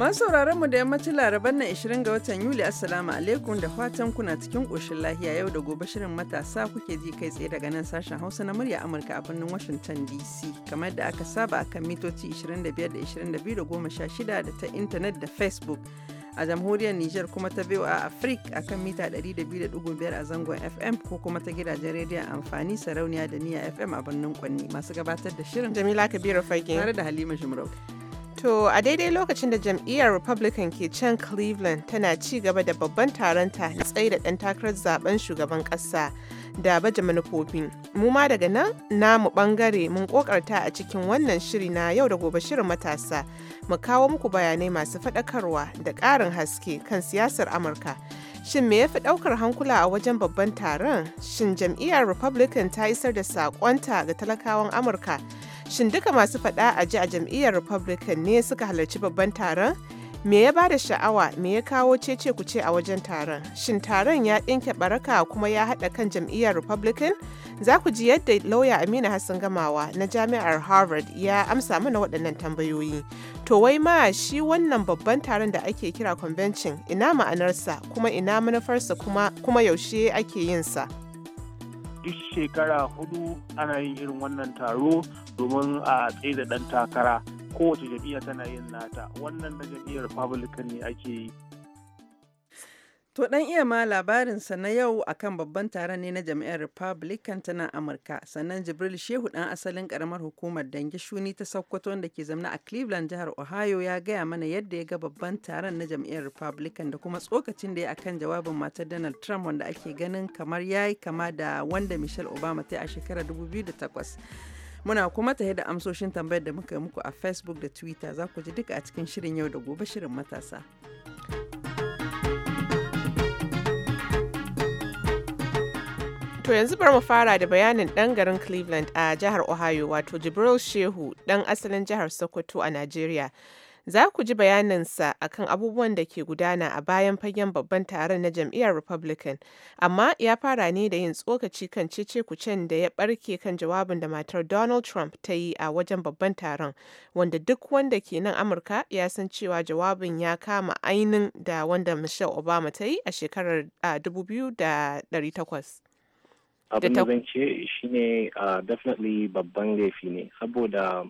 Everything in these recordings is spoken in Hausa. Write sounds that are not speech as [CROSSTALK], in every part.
Masu sauraron mu da yammacin laraban na 20 ga watan Yuli Assalamu alaikum da fatan kuna cikin ƙoshin lahiya yau da gobe shirin matasa kuke ji kai tsaye daga nan sashen Hausa na murya Amurka a birnin Washington DC kamar da aka saba akan mitoci 25 da 22 da 16 da ta intanet da Facebook. a jamhuriyar niger kuma ta a Africa a kan mita 200.5 a zangon FM ko kuma ta gidajen rediyon amfani sarauniya da niya FM a birnin Kwanni masu gabatar da shirin Jamila Kabiru Fage tare da Halima Jumrau. To a daidai lokacin da jam'iyyar Republican ke can Cleveland tana ci gaba da babban taronta na tsaye da ɗan takarar zaben shugaban ƙasa da baje manufofin, Mu ma daga nan na mu ɓangare mun ƙoƙarta a cikin wannan shiri na yau da gobe shirin matasa. Mu kawo muku bayanai masu faɗakarwa da ƙarin haske kan siyasar Amurka. Shin me ya fi ɗaukar hankula a wajen babban taron? Shin jam'iyyar Republican ta isar da saƙonta ga talakawan Amurka? Shin duka masu faɗa a ji a jam'iyyar Republican ne suka halarci babban taron? Me ya ba da sha'awa me ya kawo cece ce a wajen taron? Shin taron ya ɗinke baraka kuma ya haɗa kan jam'iyyar Republican? Za ku ji yadda lauya Aminu Hassan Gamawa na Jami'ar Harvard ya amsa mana waɗannan tambayoyi. To wai ma shi wannan babban taron da ake kira convention ina ma'anarsa kuma ina manufarsa kuma, kuma yaushe ake yinsa? duk shekara hudu ana yin irin wannan taro domin a tsaye da ɗan takara kowace jam'iyya tana yin nata wannan na jam'iyyar republican ne ake yi To dan iya ma labarinsa na yau akan babban taron ne na jami'ar Republican ta nan Amurka. Sannan Jibril Shehu dan asalin karamar hukumar Dangi Shuni ta Sokoto wanda ke zama a Cleveland jihar Ohio ya gaya mana yadda ya ga babban taron na jami'ar Republican da kuma tsokacin da ya akan jawabin matar Donald Trump wanda ake ganin kamar yayi kama da wanda Michelle Obama ta yi a shekarar 2008. muna kuma tahe da amsoshin tambayar da muka yi muku a facebook da twitter za ku ji duka a cikin shirin yau da gobe shirin matasa To yanzu bari mu fara da bayanin ɗan garin Cleveland a jihar Ohio wato Jibril Shehu ɗan asalin jihar Sokoto a Najeriya. Za ku ji bayanin bayaninsa akan abubuwan da ke gudana a bayan fagen babban taron na jam'iyyar Republican, amma ya fara ne da yin tsokaci kan cece-kucen da ya barke kan jawabin da matar Donald Trump ta yi a wajen babban taron, wanda duk wanda ke nan Amurka ya san cewa jawabin ya kama ainin da wanda Michelle Obama ta yi a shekarar 2008. abin da zan ce shine definitely babban laifi ne saboda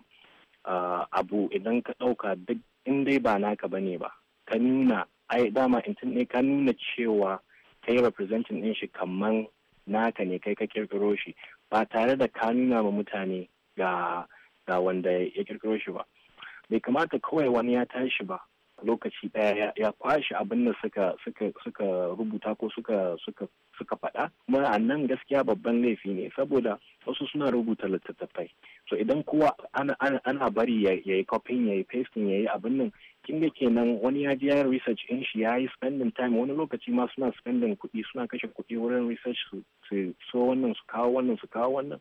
abu idan ka ɗauka duk in dai ba naka ba ne ba ka nuna ai dama intin ne ka nuna cewa ka yi representing din shi kamar naka ne kai ka kirkiro shi ba tare da ka nuna ma mutane ga ga wanda ya kirkiro shi ba bai kamata kawai wani ya tashi ba lokaci daya ya kwashe abin da suka suka rubuta ko suka suka suka faɗa kuma a nan gaskiya babban laifi ne saboda wasu suna rubuta littattafai so idan kowa ana bari ya yi copying ya yi pasting ya yi abin nan kin ga kenan wani ya ji yayin research in shi ya yi spending time wani lokaci ma suna spending kuɗi suna kashe kuɗi wurin research su so wannan su kawo wannan su kawo wannan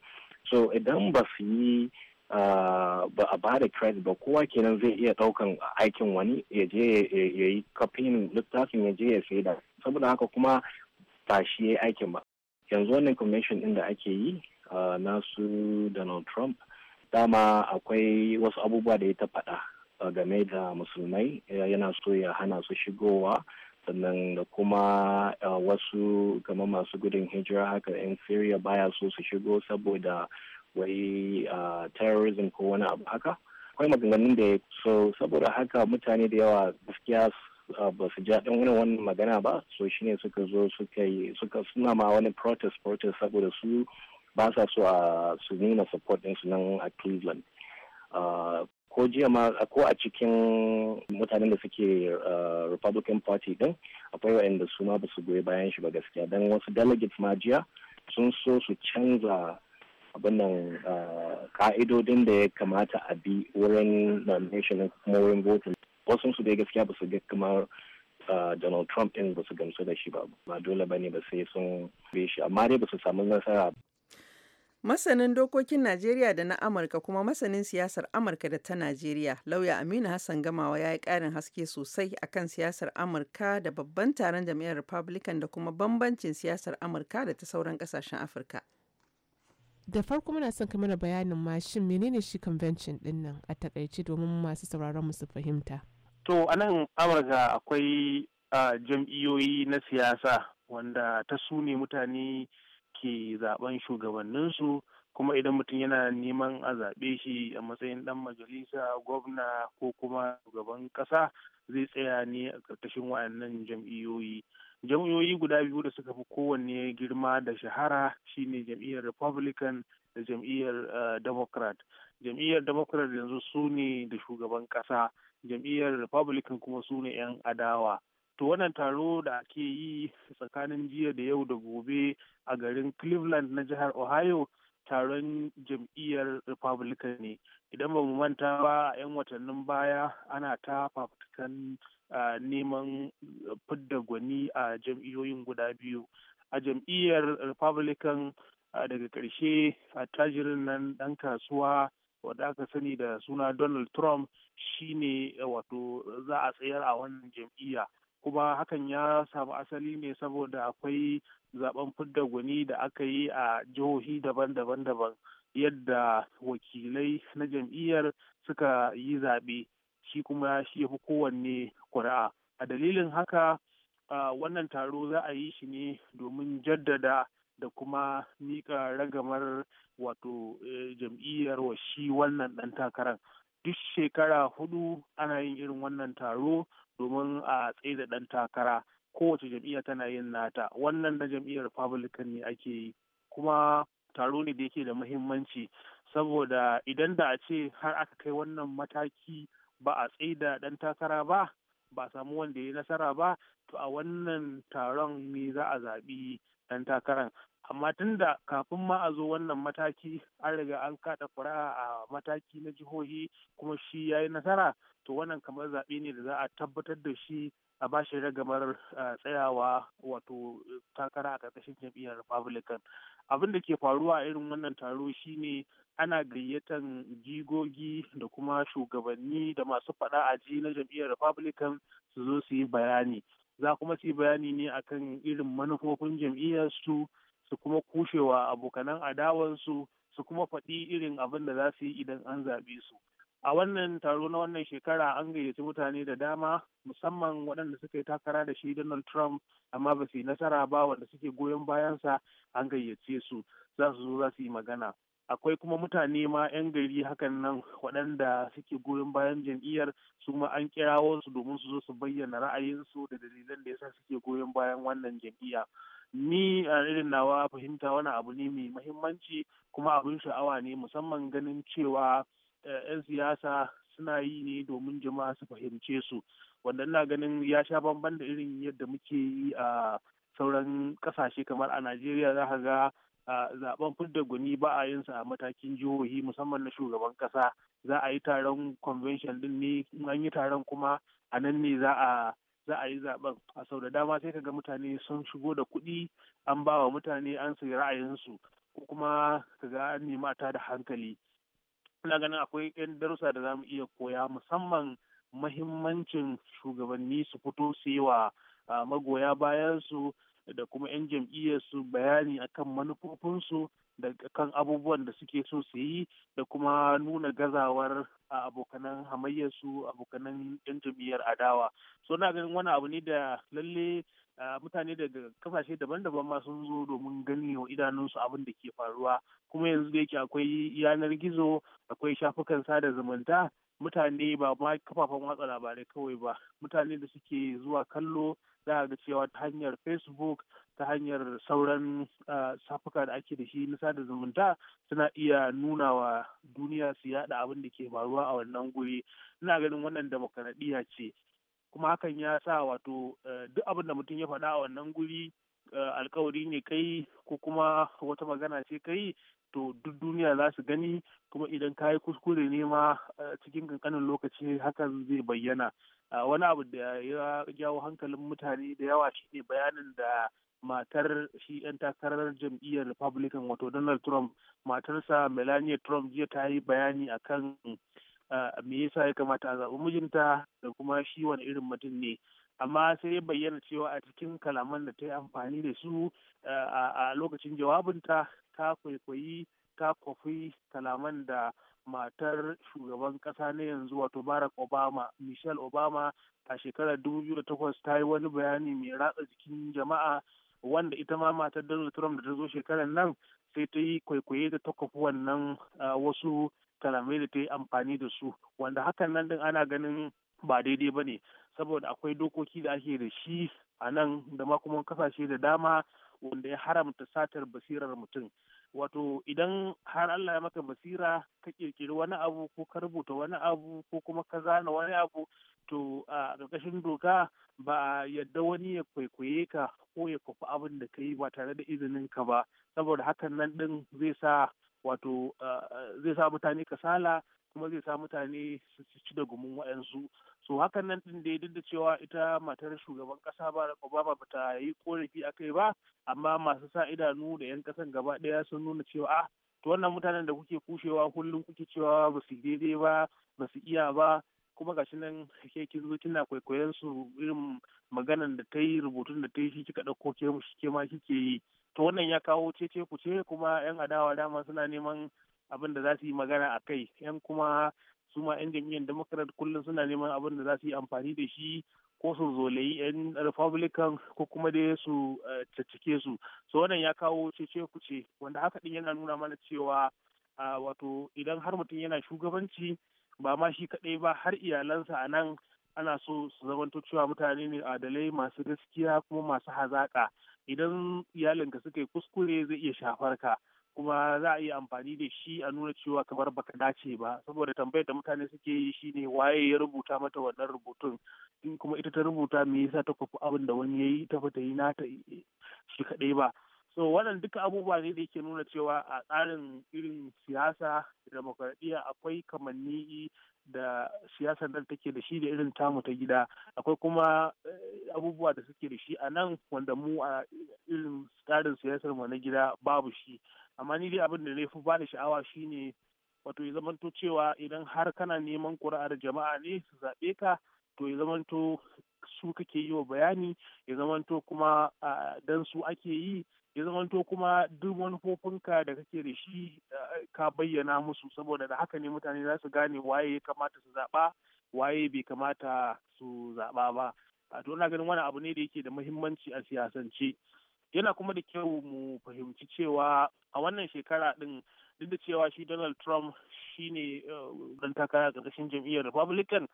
so idan ba su yi Ah, ba a ba da credit ba kowa kenan zai iya ɗaukan aikin wani ya je ya yi kafin littafin ya je ya saida saboda haka kuma ba shi ya aikin ba yanzu wannan commission ɗin da ake yi ah, na su donald trump dama akwai wasu abubuwa da ya ta faɗa ah, game da musulmai yana so ya hana su shigowa sannan da kuma wasu kamar masu gudun hijira haka yan syria baya so su shigo saboda wai terrorism ko wani abu haka akwai maganganun da ya so saboda haka mutane da yawa gaskiya ba su ja dan wani wannan magana ba so shine suka zo suka yi suka suna ma wani protest protest saboda su ba sa so a su nuna support din su nan a cleveland ko jiya ma ko a cikin mutanen da suke republican party din akwai waɗanda su ma ba su goyi bayan shi ba gaskiya don wasu delegates ma jiya sun so su canza abinnan ah, ka'idodin da ya kamata a bi wurin nomination kuma wurin voting wasu su dai gaskiya ba su ga kamar ah, Donald Trump din ba su gamsu da shi ba ba dole ba ne ba sai sun bi shi amma dai ba su samu nasara Masanin dokokin Najeriya da na Amurka kuma masanin siyasar Amurka da ta Najeriya, lauya Aminu Hassan Gamawa ya yi ƙarin haske sosai a kan siyasar Amurka da babban taron jam'iyyar Republican da kuma bambancin siyasar Amurka da ta sauran ƙasashen Afirka. da farko muna son mana bayanin mashin menene shi convention din nan a takaice domin masu sauraron musu su fahimta to a nan amurka akwai jam'iyyoyi na siyasa wanda ta sune mutane ke zaben shugabanninsu kuma idan mutum yana neman a zaɓe shi a matsayin ɗan majalisa gwamna ko kuma shugaban ƙasa zai tsaya ne a ƙarƙashin wa'annan jam'iyyoyi jam'iyyoyi guda biyu da suka fi kowanne girma da shahara shine jam'iyyar republican da jam'iyyar eh, democrat jam'iyyar democrat yanzu su ne da shugaban ƙasa jam'iyyar republican kuma su ne 'yan adawa to wannan taro da ake yi tsakanin jiya da yau da gobe a garin cleveland na jihar ohio taron jam'iyyar republican ne idan ba mu manta ba a 'yan watannin baya ana ta fafutukan ah, neman fidda gwani a jam'iyyoyin guda biyu a jam'iyyar republican ah, daga ƙarshe a tajirin nan ɗan kasuwa wadda aka sani da suna donald trump shine wato za a tsayar a wannan jam'iyya kuma hakan ya samu asali ne saboda akwai zaben fidda guni da aka yi a jihohi daban-daban daban yadda wakilai na jam'iyyar suka yi zaɓe shi kuma shi ya fi kowanne ƙuri'a a dalilin haka wannan taro za a yi shi ne domin jaddada da kuma miƙa ragamar wato e, jam'iyyar wa shi wannan ɗan takarar duk shekara hudu ana yin irin wannan taro domin a tsaida ɗan takara kowace jam'iyya tana yin nata wannan na jam'iyyar republican ne ake yi kuma taro ne da yake da muhimmanci saboda idan da a ce har aka kai wannan mataki ba a tsaida ɗan takara ba ba a samu wanda ya yi nasara ba to a wannan taron ne za a zaɓi ɗan takaran amma tun da kafin ma a zo wannan mataki an riga an kada ƙuri'a a mataki na jihohi kuma shi ya yi nasara to wannan kamar zaɓe ne da za a tabbatar da shi a bashi ragamar tsayawa wato takara a ƙarƙashin jam'iyyar republican abin da ke faruwa a irin wannan taro shine ana gayyatan jigogi da kuma shugabanni da masu faɗa a ji na jam'iyyar republican su zo su yi bayani za kuma su yi bayani ne akan irin manufofin jam'iyyar su. su kuma kushewa abokanan adawansu su kuma faɗi irin abin da za su yi idan an zaɓe su a wannan taro na wannan shekara an gayyaci mutane da dama musamman waɗanda suka yi takara da shi donald trump amma ba su yi nasara ba wanda suke goyon bayansa an gayyace su za su zo za su yi magana akwai kuma mutane ma 'yan gari hakan nan waɗanda suke goyon bayan jam'iyyar su ma an kira su domin su zo su bayyana ra'ayinsu da dalilan da yasa suke goyon bayan wannan jam'iyya ni a irin nawa fahimta wani abu ne mai mahimmanci kuma abin sha'awa ne musamman ganin cewa 'yan eh, siyasa suna yi ne domin jama'a su fahimce su wanda ina ganin ya sha bamban da irin yadda muke yi a sauran kasashe kamar a najeriya za ka ga zaben fidda guni ba a yin sa a matakin jihohi musamman na shugaban kasa za a yi taron convention din ne an yi taron kuma a nan ne za a za a yi zaben a sau da dama sai ka ga mutane sun shigo da kuɗi an ba wa mutane an sayi ra'ayinsu ko kuma ka ga an nemi ta da hankali ina ganin akwai 'yan darussa da za mu iya koya musamman mahimmancin shugabanni su fito su yi wa ah, magoya bayansu da kuma 'yan jam'iyyarsu bayani akan manufofinsu da kan abubuwan da suke so su yi da kuma nuna gazawar a abokanan hamayyarsu abokanan yan jam'iyyar adawa so na ganin wani abu ne da lalle mutane daga kasashe daban-daban ma sun zo domin gani wa idanunsu abin da ke faruwa kuma yanzu da yake akwai yanar gizo akwai shafukan sada zumunta mutane ba ma kafafen watsa labarai kawai ba mutane da suke zuwa kallo za ga cewa ta hanyar facebook ta hanyar sauran ah, safuka da ake da shi na sada zumunta suna iya nuna wa duniya su yada abin da ke faruwa a wannan guri ina ganin wannan demokaradiyya ce kuma hakan ya sa wato eh, duk abin da mutum ya faɗa a wannan guri eh, alkawari ne kai ko kuma wata magana ce kai to duk duniya za su gani kuma idan ka yi kuskure ne ma eh, cikin kankanin lokaci hakan zai bayyana wani abu da ya jawo hankalin mutane da yawa shine bayanin da matar shi 'yan takarar jam'iyyar republican wato donald trump matarsa melania trump jiya ta yi bayani akan eh, me yasa ya kamata a zaɓi mijinta da kuma shi wani irin mutum ne amma sai ya bayyana cewa a cikin kalaman da ta yi amfani da su eh, a lokacin jawabinta ta kwaikwayi ta kwafi kalaman da matar shugaban kasa na yanzu wato barack obama michelle obama a shekarar 2008 ta yi wani bayani mai ratsa jikin jama'a wanda ita ma matar donald trump da ta zo shekarar nan sai ta yi kwaikwaye da ta kwafi wannan wasu kalamai da ta yi amfani da su wanda hakan nan din ana ganin ba daidai ba ne saboda akwai dokoki da ake da shi a nan da ma kuma kasashe da dama wanda ya haramta satar basirar mutum wato idan har Allah ya maka basira ka kirkiri wani abu ko ka rubuta wani abu ko kuma ka zana wani abu to a ƙarƙashin doka ba a yadda wani ya kwaikwaye ka ko ya kwafi abin da ka yi ba tare da izinin ka ba saboda hakan nan ɗin zai sa wato zai sa mutane kasala kuma zai sa mutane su ci da gumin waɗansu so hakan nan din da duk da cewa ita matar shugaban kasa da Obama ba ta yi korafi a kai ba amma masu sa idanu da 'yan kasan gaba ɗaya sun nuna cewa ah to wannan mutanen da kuke kushewa kullum kuke cewa ba su daidai ba ba su iya ba kuma gashi nan ke kin zo kina kwaikwayon su irin maganan da ta yi rubutun da ta yi shi kika ɗauko ke mu shi ke ma kike yi to wannan ya kawo ce-ce ku ce kuma yan adawa dama suna neman abin da za su yi magana a kai yan kuma su ma 'yan jam'iyyar democrat kullum suna neman abin da za su yi amfani da shi ko su zolayi 'yan republican ko kuma dai su eh, cacike su so wannan ya kawo cece kuce wanda haka din yana nuna mana cewa wato idan har mutum yana shugabanci ba ma shi kaɗai ba har iyalansa a nan ana so su zamanto cewa mutane ne adalai masu gaskiya kuma masu hazaƙa idan iyalinka suka yi kuskure zai iya shafarka. kuma za a iya amfani da shi a nuna cewa kamar baka dace ba saboda tambayar da mutane suke yi shine waye ya rubuta mata wannan rubutun in kuma ita ta rubuta me yasa ta kwafi abin da wani yayi ta fita yi nata shi kadai ba so wannan duka abubuwa ne da yake nuna cewa a tsarin irin siyasa da demokradiyya akwai kamanni da siyasar nan take da shi da irin tamu ta gida akwai kuma eh, abubuwa da suke da shi a nan wanda mu a irin tsarin siyasar mu na gida babu shi amma ni dai abin da na fi ba sha'awa shine wato ya zamanto cewa idan har kana neman da jama'a ne su zaɓe ka to ya zamanto su kake yi wa bayani ya zamanto kuma dan su ake yi ya zamanto kuma duk manufofinka da kake da shi ka bayyana musu saboda da haka ne mutane za su gane waye ya kamata su zaɓa waye bai kamata su zaɓa ba to ina ganin wani abu ne da yake da muhimmanci a siyasance yana kuma da kyau mu fahimci cewa a wannan shekara din duk da cewa shi donald trump shi ne dan eh, takara a ƙarƙashin jam'iyyar republican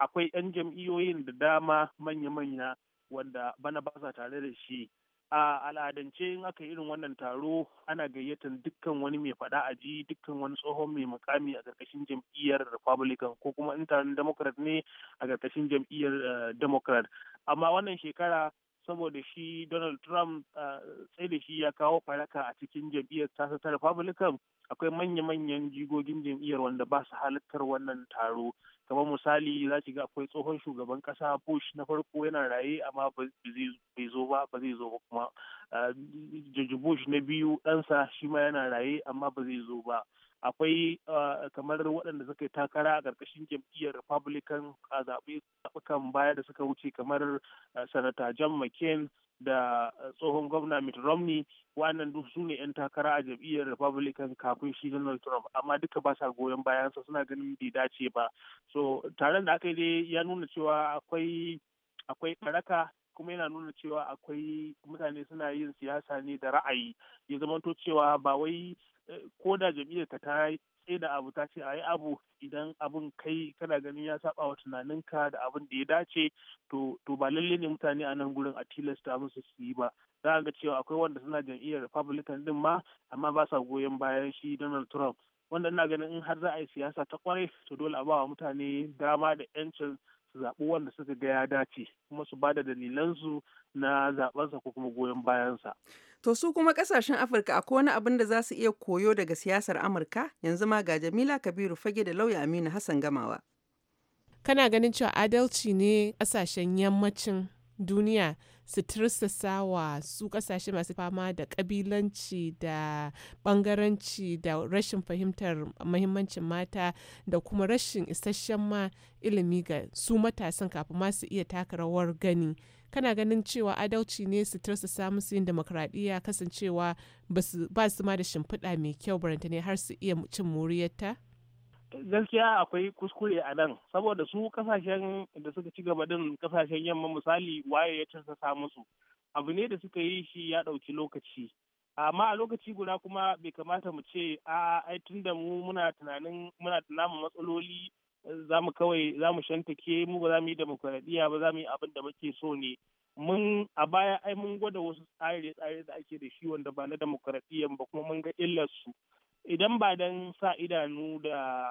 akwai 'yan jam'iyyoyin da dama manya-manya wanda bana ba sa tare da shi a al'adance in aka yi irin wannan taro ana gayyatar dukkan wani mai faɗa a ji dukkan wani tsohon mai mukami a ƙarƙashin jam'iyyar republican ko kuma in taron democrat ne a ƙarƙashin jam'iyyar eh, democrat amma wannan shekara saboda shi Donald Trump sai da shi ya kawo faraka a cikin jam'iyyar tasa ta Republican akwai manya-manyan jigogin jam'iyyar wanda ba su halittar wannan taro kamar misali za ki ga akwai tsohon shugaban kasa Bush na farko yana raye amma bai zo ba ba zai zo ba kuma Bush na biyu ɗansa shi ma yana raye amma ba zai zo ba. akwai ah, kamar waɗanda suka yi takara a ƙarƙashin jam'iyyar republican a zaɓe zaɓukan baya da suka wuce kamar ah, sanata john mccain da ah, tsohon gwamna mitt romney wannan duk su ne 'yan takara a jam'iyyar republican kafin shi donald trump amma duka ba sa goyon bayansa suna ganin bai dace ba so taron da aka yi dai ya nuna cewa akwai akwai ɓaraka kuma yana nuna cewa akwai mutane suna yin siyasa ne da ra'ayi ya zamanto cewa ba wai Eh, ko da jam'iyyarka ka ta sai da abu ta ce a yi abu idan abun kai kana ganin ya saba wa tunaninka da abun da ya dace to ba lalle ne mutane a nan gurin a tilasta musu su yi ba za ga cewa akwai wanda suna jam'iyyar republican din ma amma ba sa goyon bayan shi donald trump wanda ina ganin in har za a yi siyasa ta kwarai to dole a ba wa mutane dama da 'yancin zaɓuwan zaɓi wanda suka ga ya dace kuma su ba bada dalilansu na zaɓensa ko kuma goyon bayansa. To su kuma ƙasashen Afirka akwai wani abin da za su iya koyo daga siyasar Amurka yanzu ma ga Jamila Kabiru fage da lauya Aminu Hassan Gamawa. Kana ganin cewa adalci ne ƙasashen yammacin duniya su tirsasa wa su kasashe masu fama da kabilanci da bangaranci da rashin fahimtar mahimmancin mata da kuma rashin isasshen ma ilimi ga su matasan kafin masu iya taka rawar gani kana ganin cewa adalci ne su tirsasa musu yin demokradiyya kasancewa ba su ma da shimfiɗa mai kyau baranta ne har su iya cin moriyarta? gaskiya akwai kuskure a nan saboda su kasashen da suka ci gaba din kasashen yamma misali waye ya sa musu abu ne da suka yi shi ya ɗauki lokaci amma a lokaci guda kuma bai kamata mu ce a ai tun da mu muna tunanin muna tunanin matsaloli za mu kawai za mu shantake mu ba za mu yi demokuraɗiyya ba za mu yi abin da muke so ne mun a baya ai mun gwada wasu tsare-tsare da ake da shi wanda ba na demokuraɗiyyan ba kuma mun ga illarsu idan ba dan sa idanu da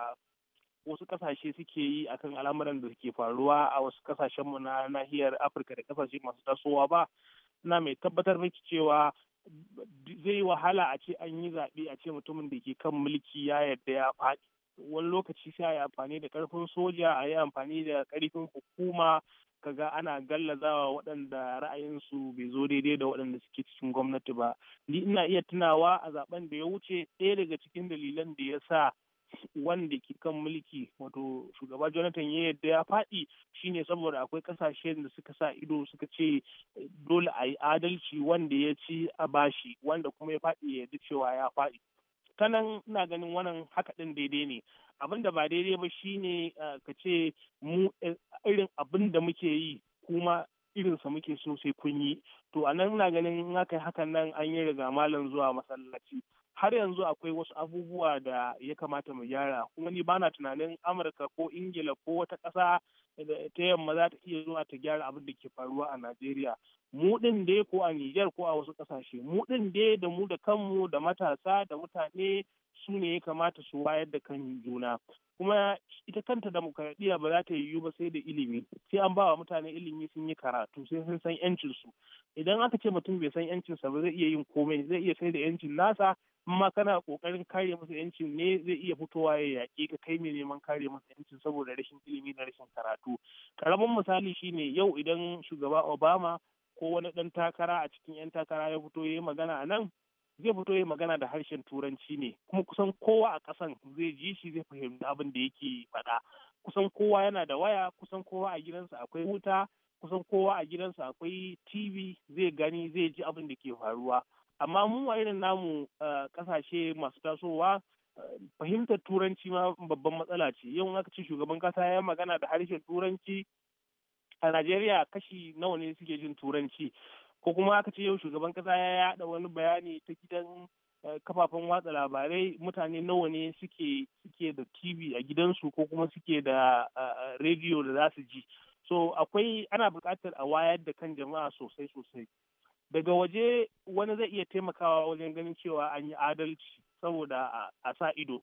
wasu kasashe suke yi akan al'amuran da suke faruwa a wasu kasashenmu na nahiyar afirka da kasashe masu tasowa ba na mai tabbatar miki cewa zai yi wahala a ce an yi zaɓe a ce mutumin da ke kan mulki ya yarda ya faɗi wani lokaci sai a amfani da ƙarfin soja a yi amfani da ƙarfin hukuma kaga ana gallazawa waɗanda ra'ayinsu bai zo daidai da waɗanda suke cikin gwamnati ba ni ina iya tunawa a zaben da ya wuce ɗaya daga cikin dalilan da ya sa wanda ke kan mulki wato shugaba jonathan ya yadda ya faɗi shine saboda akwai ƙasashe da suka sa ido suka ce dole a yi adalci wanda ya ci a bashi wanda kuma ya faɗi ya yadda cewa ya faɗi ta ina ganin wannan haka ɗin daidai ne abin da ba daidai ba shine ka ce mu e, irin abin da muke yi kuma irinsa muke so sai kun yi to a nan na ganin haka hakan nan an yi riga malam zuwa masallaci har yanzu akwai wasu abubuwa da ya kamata mu gyara kuma ni bana tunanin amurka ko ingila ko wata ƙasa ta yamma za ta iya zuwa ta gyara abin da ke faruwa a najeriya mu ɗin dai ko a niger ko a wasu ƙasashe mu ɗin dai da mu da kanmu da matasa da mutane su ne ya kamata su wayar da kan juna kuma ita kanta demokradiyya ba za ta yiwu ba sai da ilimi sai an ba wa mutane ilimi sun yi karatu sai sun san yancin su idan aka ce mutum bai san yancin sa ba zai iya yin komai zai iya sai da yancin nasa amma kana kokarin kare masa yancin ne zai iya fitowa ya yaƙi ka kai mai neman kare masa yancin saboda rashin ilimi da rashin karatu karamin misali shine yau idan shugaba obama ko wani ɗan takara a cikin 'yan takara ya fito ya yi magana a nan zai fito ya magana da harshen turanci ne kuma kusan kowa a kasan zai ji shi zai fahimci abin da yake faɗa kusan kowa yana da waya kusan kowa a gidansa akwai wuta kusan kowa a gidansa akwai tv zai gani zai ji abin da ke faruwa amma mu a irin namu kasashe eh, masu tasowa eh, fahimtar turanci ma babban matsala ce yau aka ce shugaban kasa ya magana da harshen turanci a najeriya kashi nawa ne suke jin turanci ko kuma aka ce yau shugaban kasa ya yaɗa wani bayani ta gidan eh, kafafen watsa labarai mutane nawa ne suke suke da tv a gidansu ko kuma suke da rediyo da za su ji so akwai ana buƙatar a wayar da kan jama'a sosai sosai daga waje wani zai iya taimakawa wajen ganin cewa an yi adalci saboda a sa ido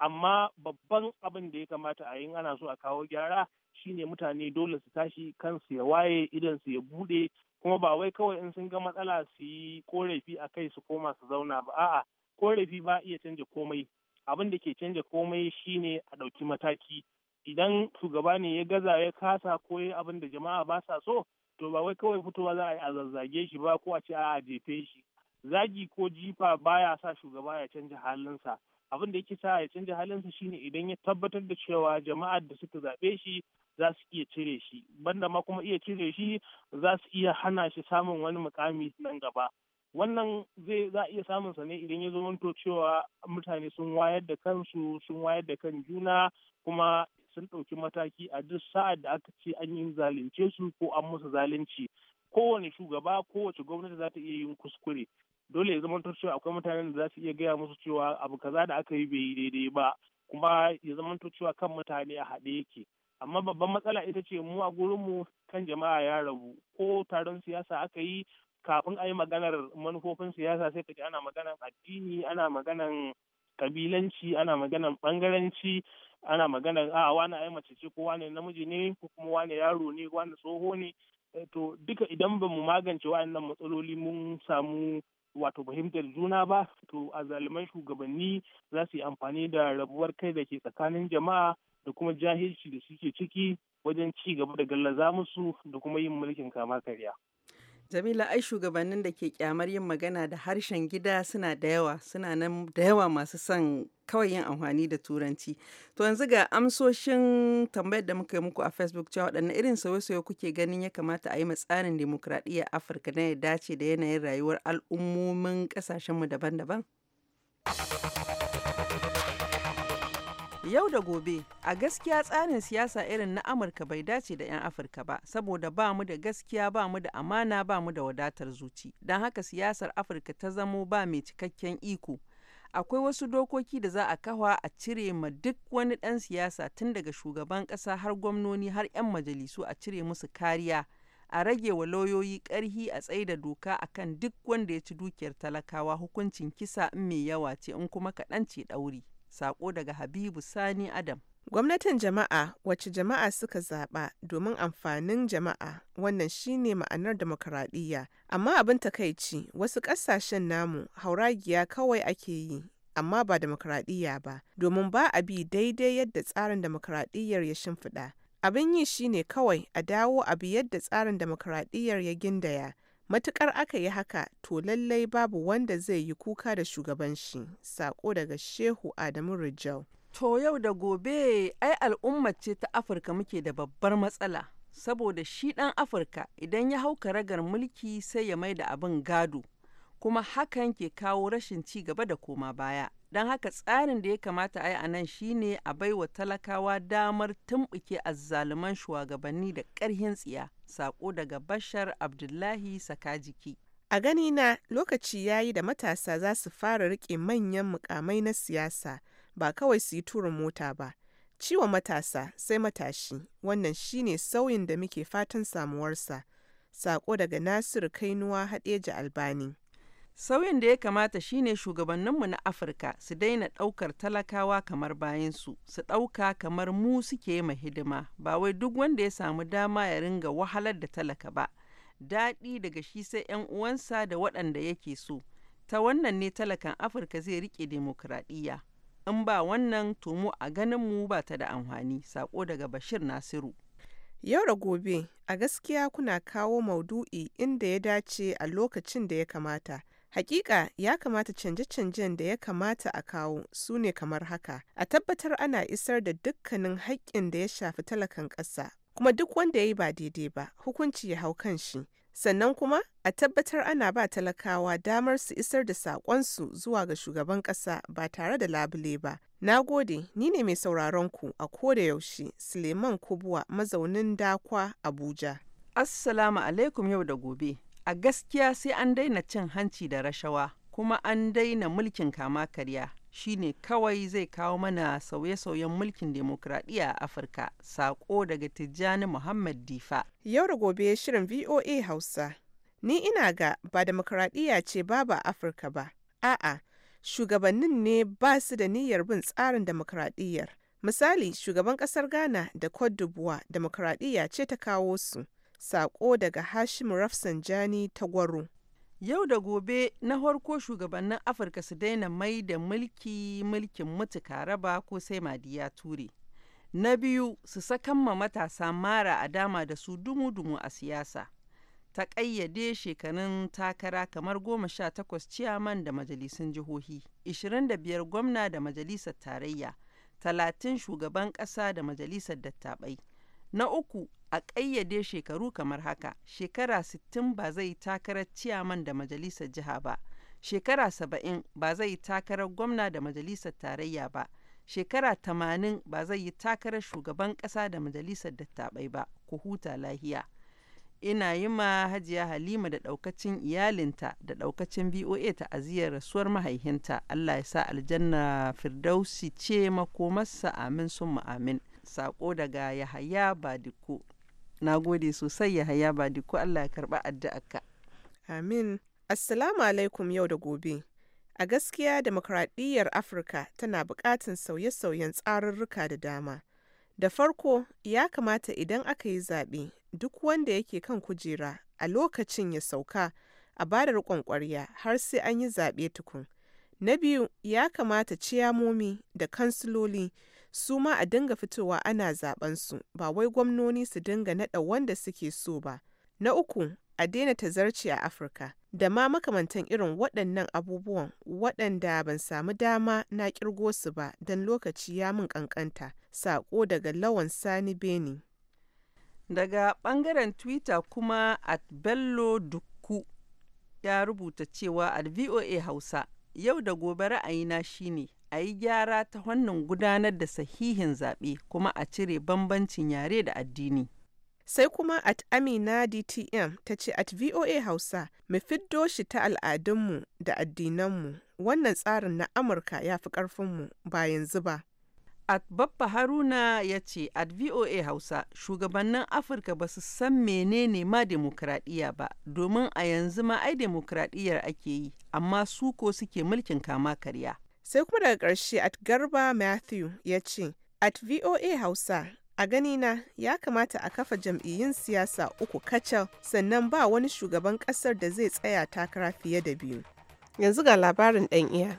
amma babban abin da ya kamata a yin ana so a kawo gyara shine mutane dole su tashi kansu ya waye idan su ya bude kuma ba wai kawai in sun ga matsala su yi korafi a kai su koma su zauna ba a'a korafi ba iya canja komai abin da ke canja komai shine a ɗauki mataki idan shugaba ne ya gaza ya kasa ko ya abin da jama'a ba sa so to ba wai kawai fitowa za a yi a zazzage shi ba ko a ce a jefe shi zagi ko jifa baya sa shugaba ya canja halinsa abin da yake sa ya canja halinsa shine idan ya tabbatar da cewa jama'ar da suka zaɓe shi za su iya cire shi banda ma kuma iya cire shi za su iya hana shi samun wani mukami nan gaba wannan zai za iya samun sa ne idan ya zo cewa mutane sun wayar da kansu sun wayar da kan juna kuma sun ɗauki mataki a duk sa'ad da aka ce an yi zalunce su ko an musu zalunci kowane shugaba kowace gwamnati za ta iya yin kuskure dole ya zama cewa akwai mutanen da za su iya gaya musu cewa abu kaza da aka yi bai yi daidai ba kuma ya zama cewa kan mutane a haɗe yake amma babban matsala ita ce mu a gurin mu kan jama'a ya rabu ko taron siyasa aka yi kafin a yi maganar manufofin siyasa sai ka ana maganar addini ana maganar kabilanci ana maganar bangaranci ana maganar a wani ai mace ce ko wani namiji ne ko kuma wani yaro ne wani tsoho ne eh, to duka idan ba mu magance wa'annan matsaloli mun samu wato fahimtar juna ba to a zaliman shugabanni za su yi amfani da rabuwar kai da ke tsakanin jama'a da kuma jahilci da suke ciki wajen ci gaba da gallaza musu da kuma yin mulkin kama karya. Jamila ai shugabannin da ke kyamar yin magana da harshen gida suna da yawa suna nan da yawa masu son kawai yin amfani da turanci. To yanzu ga amsoshin tambayar da muka yi muku a Facebook cewa waɗanne irin sauye-sauye kuke ganin ya kamata a yi ma tsarin demokradiyyar Afirka na ya dace da yanayin rayuwar al'ummomin ƙasashenmu daban-daban. Yau da gobe, a gaskiya tsarin siyasa irin na Amurka bai dace da 'yan Afirka ba, saboda ba mu da gaskiya ba mu da amana ba mu da wadatar zuci. Don haka siyasar Afirka ta zamo ba mai cikakken iko. Akwai wasu dokoki da za a kawa a cire ma duk wani ɗan siyasa tun daga shugaban ƙasa har gwamnoni har 'yan majalisu a cire musu kariya. a rage wa lauyoyi ƙarhi a da doka a kan duk wanda ya ci dukiyar talakawa hukuncin kisa in mai yawa ce in kuma kaɗan ce ɗauri. Sako daga Habibu Sani Adam. Gwamnatin jama'a wacce jama'a suka zaɓa domin amfanin jama'a wannan shine ma'anar demokaradiyya amma abin takaici wasu ƙasashen namu hauragiya kawai ake yi amma ba demokaradiyya ba domin ba a bi daidai yadda tsarin demokaradiyyar ya shimfiɗa. Abin yi shine kawai a dawo a bi yadda tsarin demokaradiyyar ya gindaya Matukar aka yi haka, to lallai babu wanda zai yi kuka da shugaban shi, sako daga Shehu Adamu Rijau. To yau da gobe, ai al'umma ce ta Afirka muke da babbar matsala, saboda shi ɗan Afirka idan ya hauka ragar mulki sai ya mai da abin gado, kuma hakan ke kawo rashin ci gaba da koma baya. Don haka tsarin da ya kamata a yi a nan shine a bai wa talakawa damar tumbuke azzaluman shugabanni da ƙarhin tsiya. Sako daga Bashar Abdullahi Sakajiki. A ganina lokaci ya yi da matasa za su fara riƙe manyan mukamai na siyasa ba kawai su yi turin mota ba. Ciwon matasa sai matashi wannan shine sauyin da muke fatan samuwarsa. Sako daga Nasiru Kainuwa Haɗeja Albani. Sauyin da ya kamata shine shugabanninmu na Afirka su daina ɗaukar talakawa kamar bayansu, su ɗauka kamar mu suke ma hidima, ba wai duk wanda ya samu dama ya ringa wahalar da talaka ba. Daɗi daga shi sai 'yan uwansa da waɗanda yake so. Ta wannan ne talakan Afirka zai riƙe demokradiyya. In ba wannan tomo a ganin mu ba ta da amfani. Sako daga Bashir Nasiru. Yau da gobe a gaskiya kuna kawo maudu'i inda ya dace a lokacin da ya kamata. Hakika ya kamata canje-canjen da ya kamata a kawo su ne kamar haka, a tabbatar ana isar da dukkanin haƙƙin da ya shafi talakan ƙasa, kuma duk wanda ya yi ba daidai ba, hukunci ya hau kan shi. Sannan kuma a tabbatar ana ba talakawa damar su isar da saƙonsu zuwa ga shugaban ƙasa ba tare da labule ba. Na gode, ni ne mai sauraron ku a koda yaushe, Suleiman Kubwa mazaunin Dakwa, Abuja. Assalamu alaikum yau da gobe. A gaskiya sai an daina cin hanci da rashawa kuma an daina mulkin kama karya shine kawai zai kawo mana sauye-sauyen mulkin demokradiyya a Afirka. Sako daga Tijjani Muhammad Difa. Yau da gobe shirin VOA Hausa. Ni ina ga ba demokradiyya ce ba ba Afirka ba. A'a, shugabannin ne ba su da niyyar bin tsarin demokradiyyar. Misali, shugaban kasar Ghana da Cote d'Ivoire demokradiyya ce ta kawo su. Sako daga Hashim Rafsanjani ta Gwaro. Yau da gobe na harko shugabannin Afirka su daina mai da mulki mulkin mutuka raba ko sai madiya ture. Na biyu su sakan matasa mara a dama da su dumu-dumu a siyasa. Ta ƙayyade shekarun takara kamar goma sha takwas ciyaman da majalisun jihohi, 25 gwamna da majalisar tarayya, 30 shugaban ƙasa da majalisar dattabai. Na uku a ƙayyade shekaru kamar haka shekara 60 ba zai yi takarar ciyaman da majalisar jiha ba shekara 70 ba zai yi takarar gwamna da majalisar tarayya ba shekara 80 ba zai yi takarar shugaban ƙasa da majalisar dattabai ba ku huta lahiya ina yi ma hajiya halima da ɗaukacin iyalinta da ɗaukacin voa ta aziyar rasuwar mahaihinta allah ya sa aljanna firdausi ce makomarsa amin sun amin sako daga yahaya badiko na gode sosai ya haya ba ko Allah ya karba addu'arka amin assalamu alaikum yau da gobe a gaskiya demokradiyyar afirka tana buƙatar sauye-sauyen tsarurruka da dama da farko ya kamata idan aka yi zaɓe duk wanda yake kan kujera a lokacin ya sauka a bada riƙon ƙwarya har sai an yi zaɓe tukun na biyu ya kamata ciyamomi da kansiloli su ma a dinga fitowa ana zaben su ba wai gwamnoni su dinga naɗa wanda suke so ba. Na uku, a daina tazarci a Afirka da ma makamantan irin waɗannan abubuwan waɗanda ban samu dama na kirgo su ba don lokaci ya min kankanta sako daga Lawan Sani Beni. Daga ɓangaren Twitter kuma at Bello Dukku ya rubuta cewa a VOA Hausa yau da gobe ra'ayina shine a yi gyara ta wannan gudanar da sahihin zaɓe kuma a cire bambancin yare da addini. Sai kuma at Amina DTM ta ce at VOA Hausa, mu fiddo shi ta al'adunmu da addinanmu, wannan tsarin na Amurka ya fi ƙarfinmu ba yanzu ba. At Babba Haruna ya ce at VOA Hausa, shugabannin Afirka ba su san menene ma demokradiyya ba, domin a yanzu ma ai demokradiyyar ake yi, amma su ko suke mulkin kama karya. Sai kuma daga ƙarshe at Garba Matthew ya ce, at VOA Hausa a ganina ya kamata a kafa jam'iyyun siyasa uku kacal sannan ba wani shugaban ƙasar da zai tsaya takara fiye da biyu. Yanzu ga labarin ɗan iya.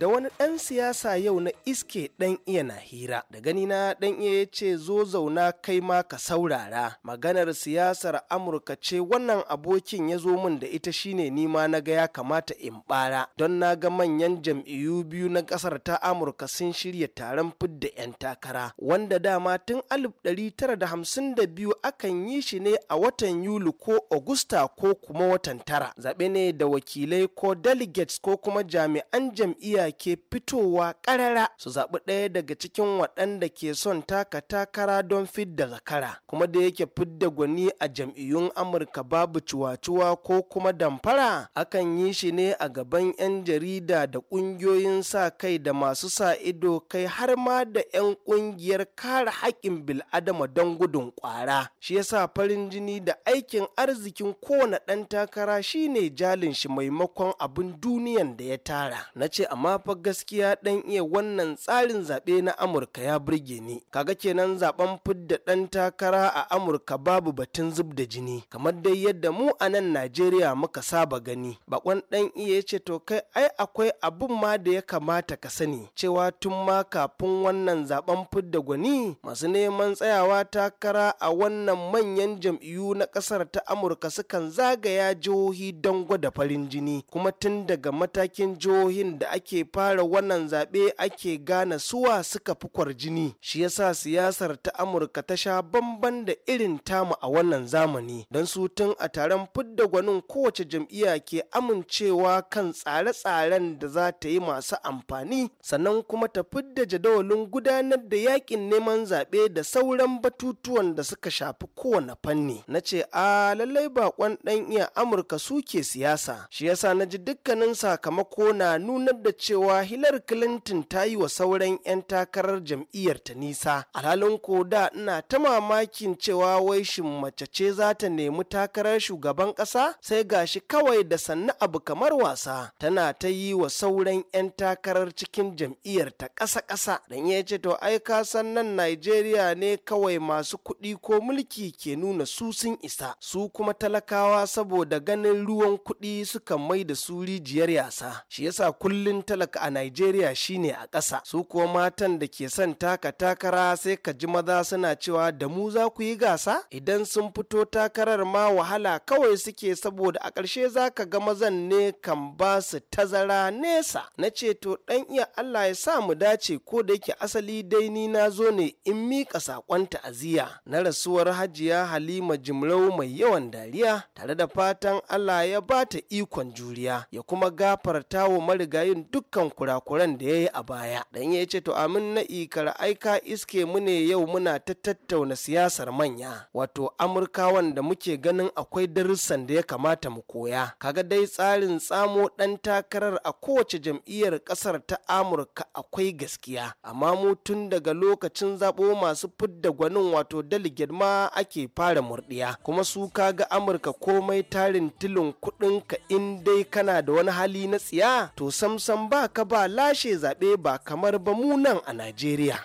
da wani ɗan siyasa yau na iske ɗan iya na hira da gani na ɗan iya ya ce zo zauna kai ma ka saurara maganar siyasar amurka ce wannan abokin ya zo min da ita shine ni ma na ga ya kamata in bara don na ga manyan jam'iyyu biyu na ƙasar ta amurka sun shirya taron fidda 'yan takara wanda dama tun alif tara da da hamsin biyu akan yi shi ne a watan yuli ko augusta ko kuma watan tara zaɓe ne da wakilai ko delegates ko kuma jami'an jam'iyya ke fitowa karara su zaɓi ɗaya daga cikin waɗanda ke son taka takara don fidda zakara kuma da yake fidda gwani a jam'iyyun amurka babu cuwacuwa ko kuma damfara akan yi shi ne a gaban 'yan jarida da ƙungiyoyin sa kai da masu sa ido kai har ma da 'yan ƙungiyar kare haƙƙin bil'adama don gudun ƙwara shi yasa farin jini da aikin arzikin kowane ɗan takara shine jalin shi maimakon abin duniyan da ya tara na ce amma amma fa gaskiya dan iya wannan tsarin zaɓe na amurka ya burge ni kaga kenan zaben fidda ɗan takara a amurka babu batun zub da jini kamar dai yadda mu a nan najeriya muka saba gani bakon ɗan iya ya ce to kai ai akwai abun ma da ya kamata ka sani cewa tun ma kafin wannan zaben fidda gwani masu neman tsayawa takara a wannan manyan jam'iyyu na ƙasar ta amurka sukan zagaya jihohi don gwada farin jini kuma tun daga matakin jihohin da ake fara wannan zaɓe ake gane suwa suka fi jini. shi yasa siyasar ta amurka ta sha bamban da irin tamu a wannan zamani don su tun a taron fidda gwanin kowace jam'iyya ke amincewa kan tsare-tsaren da za ta yi masu amfani sannan kuma ta fidda jadawalin gudanar da yakin neman zaɓe da sauran batutuwan da suka shafi kowane fanni na ce a lallai bakon ɗan iya amurka suke siyasa shi yasa na ji dukkanin sakamako na nunar da cewa cewa Hillary Clinton ta yi wa sauran 'yan takarar jam'iyyar ta nisa. Alhalin ko da ina ta mamakin cewa wai shin mace ce za ta nemi takarar shugaban ƙasa sai ga shi kawai da sannu abu kamar wasa tana ta yi wa sauran 'yan takarar cikin jam'iyyar ta ƙasa-ƙasa. Dan ya ce to ai ka san nan Najeriya ne kawai masu kuɗi ko mulki ke nuna su sun isa su kuma talakawa saboda ganin ruwan kuɗi suka mai da su rijiyar yasa. Shi yasa kullum talakawa talaka a Najeriya shine a ƙasa. Su kuwa matan da ke son taka takara sai ka ji maza suna cewa da mu za ku yi gasa idan sun fito takarar ma wahala kawai suke saboda a ƙarshe za ka ga mazan ne kan ba su tazara nesa. Na ce to ɗan iya Allah ya sa mu dace ko da yake asali dai ni na zo ne in miƙa saƙon ta'aziyya na rasuwar hajiya Halima Jimrau mai yawan dariya tare da fatan Allah ya ba ta ikon juriya ya kuma gafarta wa marigayin duk dukkan kurakuran da ya yi a baya dan ya ce to amin na ikar aika iske mu ne yau muna ta tattauna siyasar manya wato amurkawan da muke ganin akwai darussan da ya kamata mu koya kaga dai tsarin tsamo dan takarar a kowace jam'iyyar kasar ta amurka akwai gaskiya amma mu tun daga lokacin zabo masu fidda gwanin wato delegate ma ake fara murɗiya kuma su kaga amurka komai tarin tilin ka in dai kana da wani hali na tsiya to samsam ba ba ka ba lashe zaɓe ba kamar ba mu nan a Najeriya.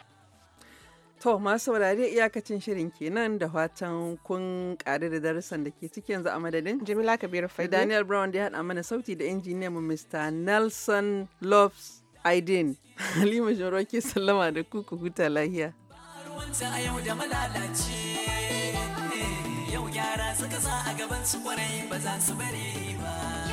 To masu saurare iyakacin shirin kenan da fatan kun ƙari da darussan da ke cikin yanzu a madadin. Jamila Kabiru Fadi. Daniel Brown da ya haɗa mana sauti da injiniyan mu Mr. Nelson Loves Aidin. [LAUGHS] Halima Jaro ke sallama da ku ku huta lahiya. Eh, yau gyara suka za a gaban su kwarai ba za su bari ba.